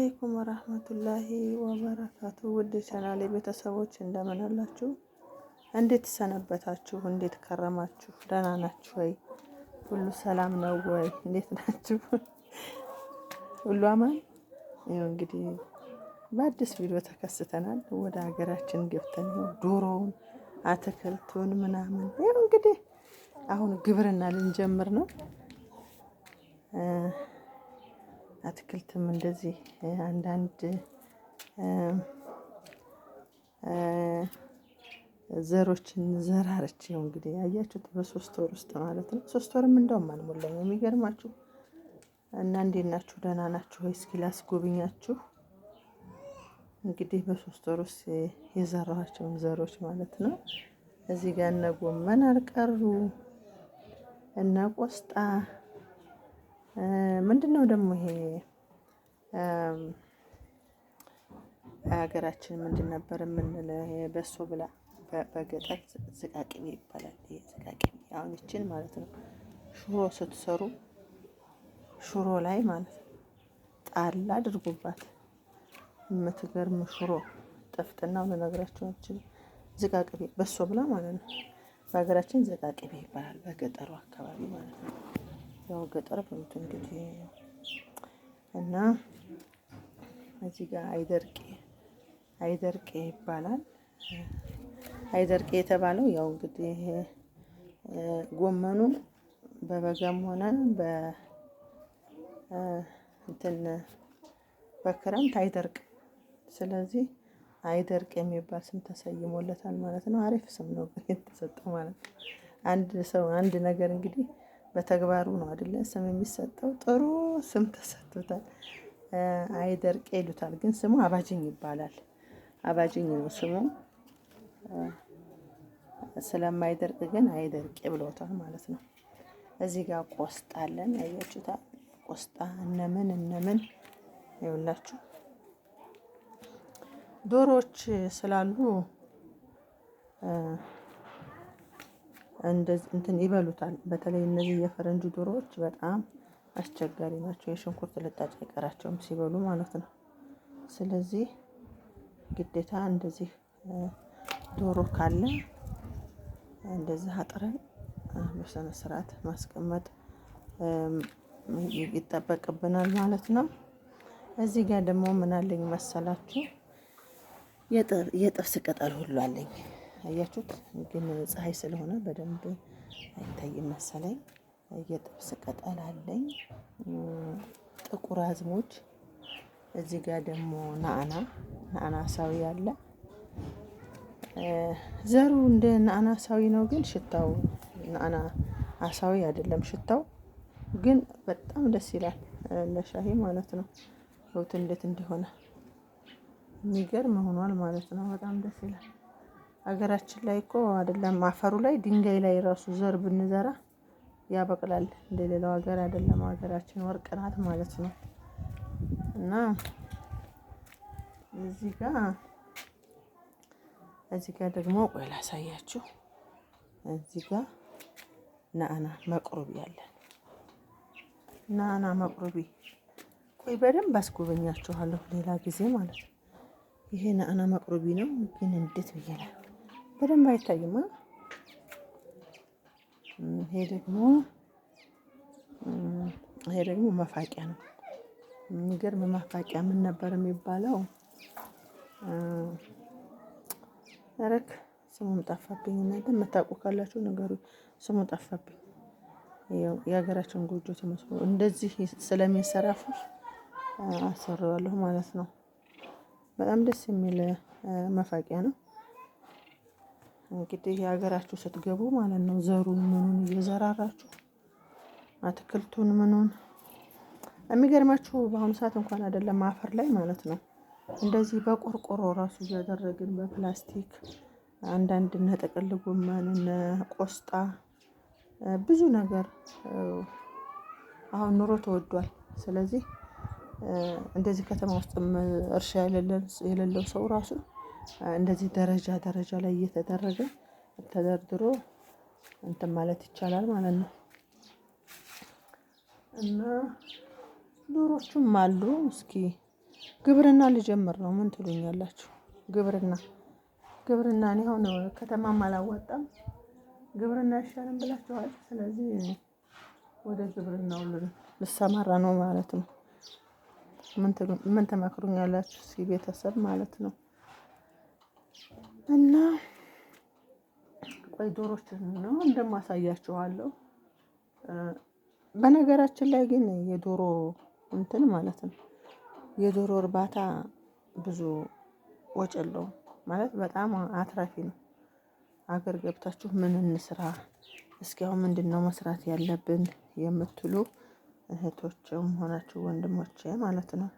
አለይኩም ወራህመቱላሂ ወበረካቱ ውድ ቻናሌ ቤተሰቦች እንደምን አላችሁ? እንዴት ሰነበታችሁ? እንዴት ከረማችሁ? ደህና ናችሁ ወይ? ሁሉ ሰላም ነው ወይ? እንዴት ናችሁ? ሁሉ አማን? ይኸው እንግዲህ በአዲስ ቪዲዮ ተከስተናል። ወደ ሀገራችን ገብተን ዶሮውን፣ አትክልቱን ምናምን ይኸው እንግዲህ አሁን ግብርና ልንጀምር ነው አትክልትም እንደዚህ አንዳንድ ዘሮችን ዘራረች ነው እንግዲህ ያያችሁት በሶስት ወር ውስጥ ማለት ነው። ሶስት ወርም እንደውም አልሞላኝ የሚገርማችሁ እና እንዴት ናችሁ? ደህና ናችሁ ወይ? እስኪ ላስጎብኛችሁ እንግዲህ በሶስት ወር ውስጥ የዘራኋቸውን ዘሮች ማለት ነው። እዚህ ጋር እነ ጎመን አልቀሩ እነ ቆስጣ ምንድን ነው ደግሞ ይሄ ሀገራችን ምንድን ነበር የምንለው? በሶ ብላ በገጠር ዝቃቅቤ ይባላል። ይሄ ዝቃቅቤ አሁን ይችን ማለት ነው ሽሮ ስትሰሩ ሽሮ ላይ ማለት ነው ጣል አድርጉባት። የምትገርም ሽሮ ጠፍጥናው ልነግራችሁ አልችልም። ዝቃቅቤ በሶ ብላ ማለት ነው። በሀገራችን ዝቃቅቤ ይባላል፣ በገጠሩ አካባቢ ማለት ነው። ያው ገጠር በሉት እንግዲህ እና እዚህ ጋር አይደርቄ አይደርቄ ይባላል። አይደርቄ የተባለው ያው እንግዲህ ጎመኑ በበጋም ሆነ በ እንትን በክረምት አይደርቅ ስለዚህ አይደርቅ የሚባል ስም ተሰይሞለታል ማለት ነው። አሪፍ ስም ነው የተሰጠው ማለት ነው። አንድ ሰው አንድ ነገር እንግዲህ በተግባሩ ነው አይደለ ስም የሚሰጠው። ጥሩ ስም ተሰጥቶታል። አይደርቄ ይሉታል፣ ግን ስሙ አባጅኝ ይባላል። አባጅኝ ነው ስሙ። ስለማይደርቅ ግን አይደርቄ ብሎታል ማለት ነው። እዚህ ጋር ቆስጣ አለን ቆስጣ እነምን እነምን ይውላችሁ። ዶሮዎች ስላሉ እንትን ይበሉታል። በተለይ እነዚህ የፈረንጅ ዶሮዎች በጣም አስቸጋሪ ናቸው። የሽንኩርት ልጣጭ አይቀራቸውም ሲበሉ ማለት ነው። ስለዚህ ግዴታ እንደዚህ ዶሮ ካለ እንደዚህ አጥረን በስነ ስርዓት ማስቀመጥ ይጠበቅብናል ማለት ነው። እዚህ ጋር ደግሞ ምናለኝ መሰላችሁ? የጥብስ ቅጠል ሁሉ አለኝ። አያችሁት። ግን ፀሐይ ስለሆነ በደንብ አይታይም መሰለኝ። የጥብስ ቅጠል አለኝ፣ ጥቁር አዝሙድ፣ እዚህ ጋር ደግሞ ናአና ሳዊ አለ። ዘሩ እንደ ሳዊ ነው፣ ግን ሽታው ናአና አሳዊ አይደለም። ሽታው ግን በጣም ደስ ይላል፣ ለሻሂ ማለት ነው። ለውጥ እንዴት እንደሆነ የሚገርም ሆኗል ማለት ነው። በጣም ደስ ይላል። ሀገራችን ላይ እኮ አይደለም አፈሩ ላይ ድንጋይ ላይ ራሱ ዘር ብንዘራ ያበቅላል እንደሌላው ሀገር አይደለም ሀገራችን ወርቅ ናት ማለት ነው። እና እዚህ ጋር እዚህ ጋር ደግሞ ቆይ ላሳያችሁ። እዚህ ጋር ናአና መቁረቢ ያለን ናአና መቅሩቢ ቆይ በደንብ አስጎበኛችኋለሁ ሌላ ጊዜ ማለት ነው። ይሄ ናአና መቁረቢ ነው ግን እንዴት ብዬ በደንብ አይታይም። ይሄ ደግሞ ይሄ ደግሞ መፋቂያ ነው። የሚገርም መፋቂያ ምን ነበር የሚባለው? ረክ ስሙም ጠፋብኝ። እናንተ የምታውቁ ካላችሁ ነገሩ ስሙ ጠፋብኝ። የሀገራችን ጎጆ ተመስሎ እንደዚህ ስለሚሰራፉ አሰራዋለሁ ማለት ነው። በጣም ደስ የሚል መፋቂያ ነው። እንግዲህ የሀገራችሁ ስትገቡ ማለት ነው። ዘሩን ምኑን እየዘራራችሁ አትክልቱን ምኑን የሚገርማችሁ በአሁኑ ሰዓት እንኳን አይደለም አፈር ላይ ማለት ነው። እንደዚህ በቆርቆሮ ራሱ እያደረግን በፕላስቲክ አንዳንድ እነ ጥቅል ጎመን እነ ቆስጣ ብዙ ነገር አሁን ኑሮ ተወዷል። ስለዚህ እንደዚህ ከተማ ውስጥ እርሻ የሌለው ሰው ራሱ እንደዚህ ደረጃ ደረጃ ላይ እየተደረገ ተደርድሮ እንትን ማለት ይቻላል ማለት ነው። እና ዶሮቹም አሉ። እስኪ ግብርና ልጀምር ነው። ምን ትሉኛላችሁ? ግብርና ግብርና እኔ አሁን ከተማም አላዋጣም ግብርና አይሻልም ብላችኋል። ስለዚህ ወደ ግብርናው ልሰማራ ነው ማለት ነው። ምን ትመክሩኛላችሁ? እስኪ ቤተሰብ ማለት ነው እና ቆይ ዶሮችን ነው እንደማሳያችኋለሁ። በነገራችን ላይ ግን የዶሮ እንትን ማለት ነው የዶሮ እርባታ ብዙ ወጭለው የለውም ማለት በጣም አትራፊ ነው። አገር ገብታችሁ ምን እንስራ እስኪ አሁን ምንድን ነው መስራት ያለብን የምትሉ እህቶችም ሆናችሁ ወንድሞቼ ማለት ነው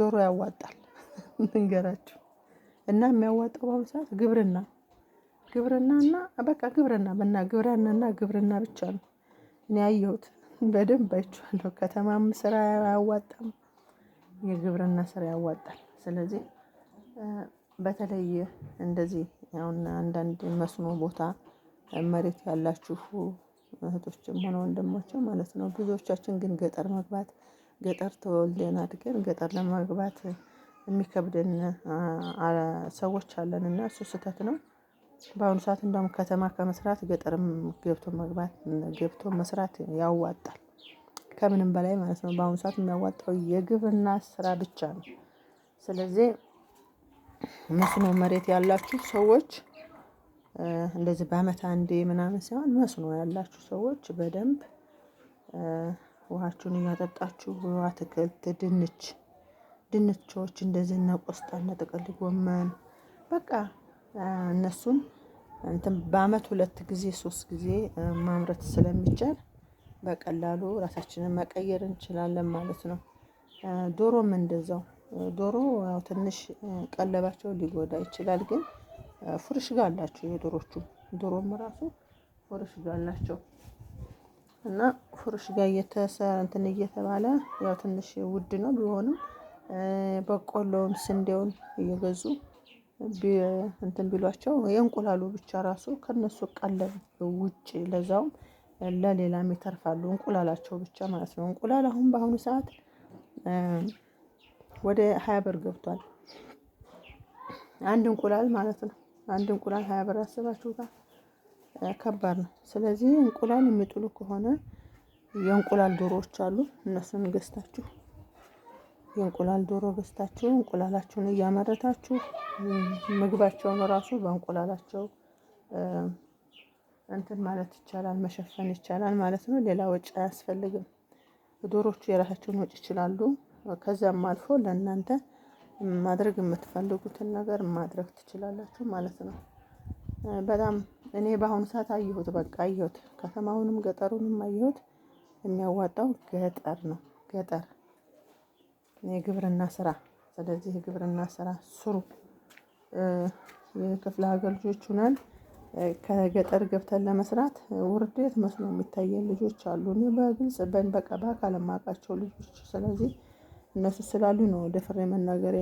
ዶሮ ያዋጣል፣ ንገራችሁ እና የሚያዋጣው በአሁኑ ሰዓት ግብርና እና በቃ ግብርና ግብርና እና ግብርና ብቻ ነው። እኔ ያየሁት በደንብ አይቼዋለሁ። ከተማም ስራ አያዋጣም፣ የግብርና ስራ ያዋጣል። ስለዚህ በተለይ እንደዚህ አሁን አንዳንድ መስኖ ቦታ መሬት ያላችሁ እህቶችም ሆነ ወንድሞችም ማለት ነው። ብዙዎቻችን ግን ገጠር መግባት ገጠር ተወልደን አድገን ገጠር ለመግባት የሚከብድን ሰዎች አለን እና እሱ ስህተት ነው። በአሁኑ ሰዓት እንደውም ከተማ ከመስራት ገጠርም ገብቶ መግባት ገብቶ መስራት ያዋጣል። ከምንም በላይ ማለት ነው በአሁኑ ሰዓት የሚያዋጣው የግብርና ስራ ብቻ ነው። ስለዚህ መስኖ መሬት ያላችሁ ሰዎች እንደዚህ በአመት አንዴ ምናምን ሳይሆን መስኖ ያላችሁ ሰዎች በደንብ ውሃችሁን እያጠጣችሁ አትክልት ድንች ድንቾች እንደዚህ እነ ቆስጣ እነ ጥቅል ጎመን በቃ እነሱን በአመት ሁለት ጊዜ ሶስት ጊዜ ማምረት ስለሚቻል በቀላሉ ራሳችንን መቀየር እንችላለን ማለት ነው። ዶሮም እንደዛው ዶሮ ያው ትንሽ ቀለባቸው ሊጎዳ ይችላል። ግን ፍርሽ ጋ አላቸው የዶሮቹ ዶሮም ራሱ ፍርሽ ጋ አላቸው እና ፍርሽ ጋ እየተሰ እንትን እየተባለ ያው ትንሽ ውድ ነው ቢሆንም በቆሎውን ስንዴውን እየገዙ እንትን ቢሏቸው የእንቁላሉ ብቻ ራሱ ከነሱ ቀለብ ውጭ ለዛውም ለሌላም ይተርፋሉ። እንቁላላቸው ብቻ ማለት ነው። እንቁላል አሁን በአሁኑ ሰዓት ወደ ሀያ ብር ገብቷል። አንድ እንቁላል ማለት ነው። አንድ እንቁላል ሀያ ብር አስባችሁታል? ከባድ ነው። ስለዚህ እንቁላል የሚጥሉ ከሆነ የእንቁላል ዶሮዎች አሉ። እነሱን ገዝታችሁ የእንቁላል ዶሮ ገዝታችሁ እንቁላላችሁን እያመረታችሁ ምግባቸውን ራሱ በእንቁላላቸው እንትን ማለት ይቻላል፣ መሸፈን ይቻላል ማለት ነው። ሌላ ወጪ አያስፈልግም። ዶሮቹ የራሳቸውን ወጪ ይችላሉ። ከዚያም አልፎ ለእናንተ ማድረግ የምትፈልጉትን ነገር ማድረግ ትችላላችሁ ማለት ነው። በጣም እኔ በአሁኑ ሰዓት አየሁት፣ በቃ አየሁት፣ ከተማውንም ገጠሩንም አየሁት። የሚያዋጣው ገጠር ነው ገጠር የግብርና ስራ። ስለዚህ የግብርና ስራ ስሩ። የክፍለ ሀገር ልጆች ሁነን ከገጠር ገብተን ለመስራት ውርደት መስሎ የሚታየን ልጆች አሉ። እኔ በግልጽ በቃ በአካል የማውቃቸው ልጆች ስለዚህ እነሱ ስላሉ ነው ደፍሬ መናገር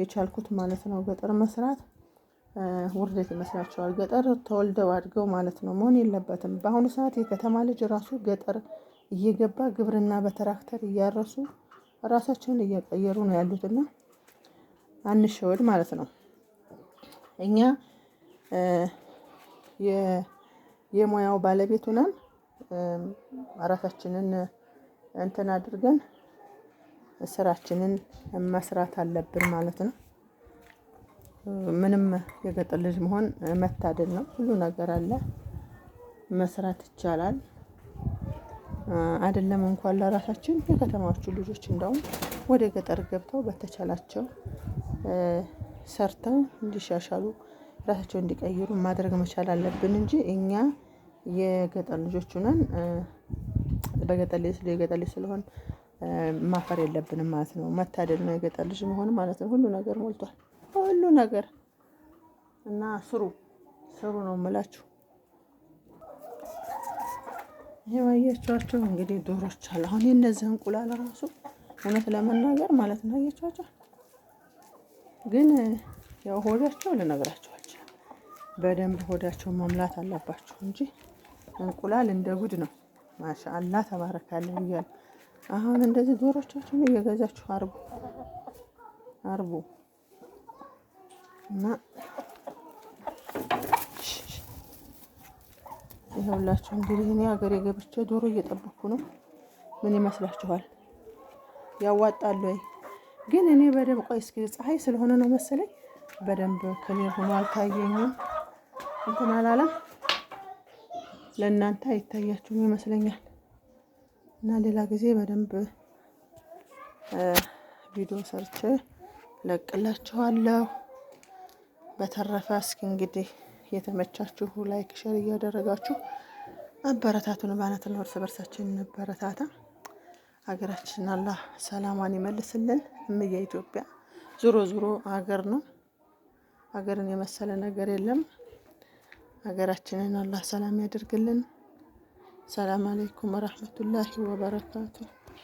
የቻልኩት ማለት ነው። ገጠር መስራት ውርደት ይመስላቸዋል። ገጠር ተወልደው አድገው ማለት ነው። መሆን የለበትም። በአሁኑ ሰዓት የከተማ ልጅ ራሱ ገጠር እየገባ ግብርና በትራክተር እያረሱ ራሳቸውን እያቀየሩ ነው ያሉት እና አንሸወድ ማለት ነው። እኛ የሙያው ባለቤት ሆነን ራሳችንን እንትን አድርገን ስራችንን መስራት አለብን ማለት ነው። ምንም የገጠር ልጅ መሆን መታደል ነው። ሁሉ ነገር አለ፣ መስራት ይቻላል። አይደለም እንኳን ለራሳችን የከተማዎቹ ልጆች እንደውም ወደ ገጠር ገብተው በተቻላቸው ሰርተው እንዲሻሻሉ ራሳቸው እንዲቀይሩ ማድረግ መቻል አለብን እንጂ እኛ የገጠር ልጆች ነን በገጠር የገጠር ስለሆን ማፈር የለብንም ማለት ነው። መታደል ነው የገጠር ልጅ መሆን ማለት ነው። ሁሉ ነገር ሞልቷል። ሁሉ ነገር እና ስሩ ስሩ ነው የምላችሁ። ያያችኋቸው እንግዲህ ዶሮች አሉ። አሁን የነዚህ እንቁላል ራሱ እውነት ለመናገር ማለት ነው ያያችኋቸው፣ ግን ያው ሆዳቸው ልነግራቸው አልችልም። በደንብ ሆዳቸው መምላት አለባቸው እንጂ እንቁላል እንደ ጉድ ነው። ማሻአላ ተባረካለሁ እያሉ አሁን እንደዚህ ዶሮቻችሁን እየገዛችሁ አርቡ አርቡ እና ይኸውላችሁ እንግዲህ እኔ ሀገር የገብቼ ዶሮ እየጠበኩ ነው። ምን ይመስላችኋል? ያዋጣሉ ወይ? ግን እኔ በደንብ ቆይ እስኪ ፀሐይ ስለሆነ ነው መሰለኝ በደንብ ክሊር ሆኖ አልታየኝም። እንትን አላለም። ለእናንተ አይታያችሁም ይመስለኛል። እና ሌላ ጊዜ በደንብ ቪዲዮ ሰርቼ ለቅላችኋለሁ። በተረፈ እስኪ እንግዲህ የተመቻችሁ ላይክ፣ ሸር እያደረጋችሁ አበረታቱን። ባነት ነው እርስ በርሳችን እንበረታታ። ሀገራችን አላህ ሰላሟን ይመልስልን። እምዬ ኢትዮጵያ ዞሮ ዞሮ ሀገር ነው። ሀገርን የመሰለ ነገር የለም። ሀገራችንን አላህ ሰላም ያደርግልን። ሰላም አለይኩም ወራህመቱላሂ ወበረካቱሁ።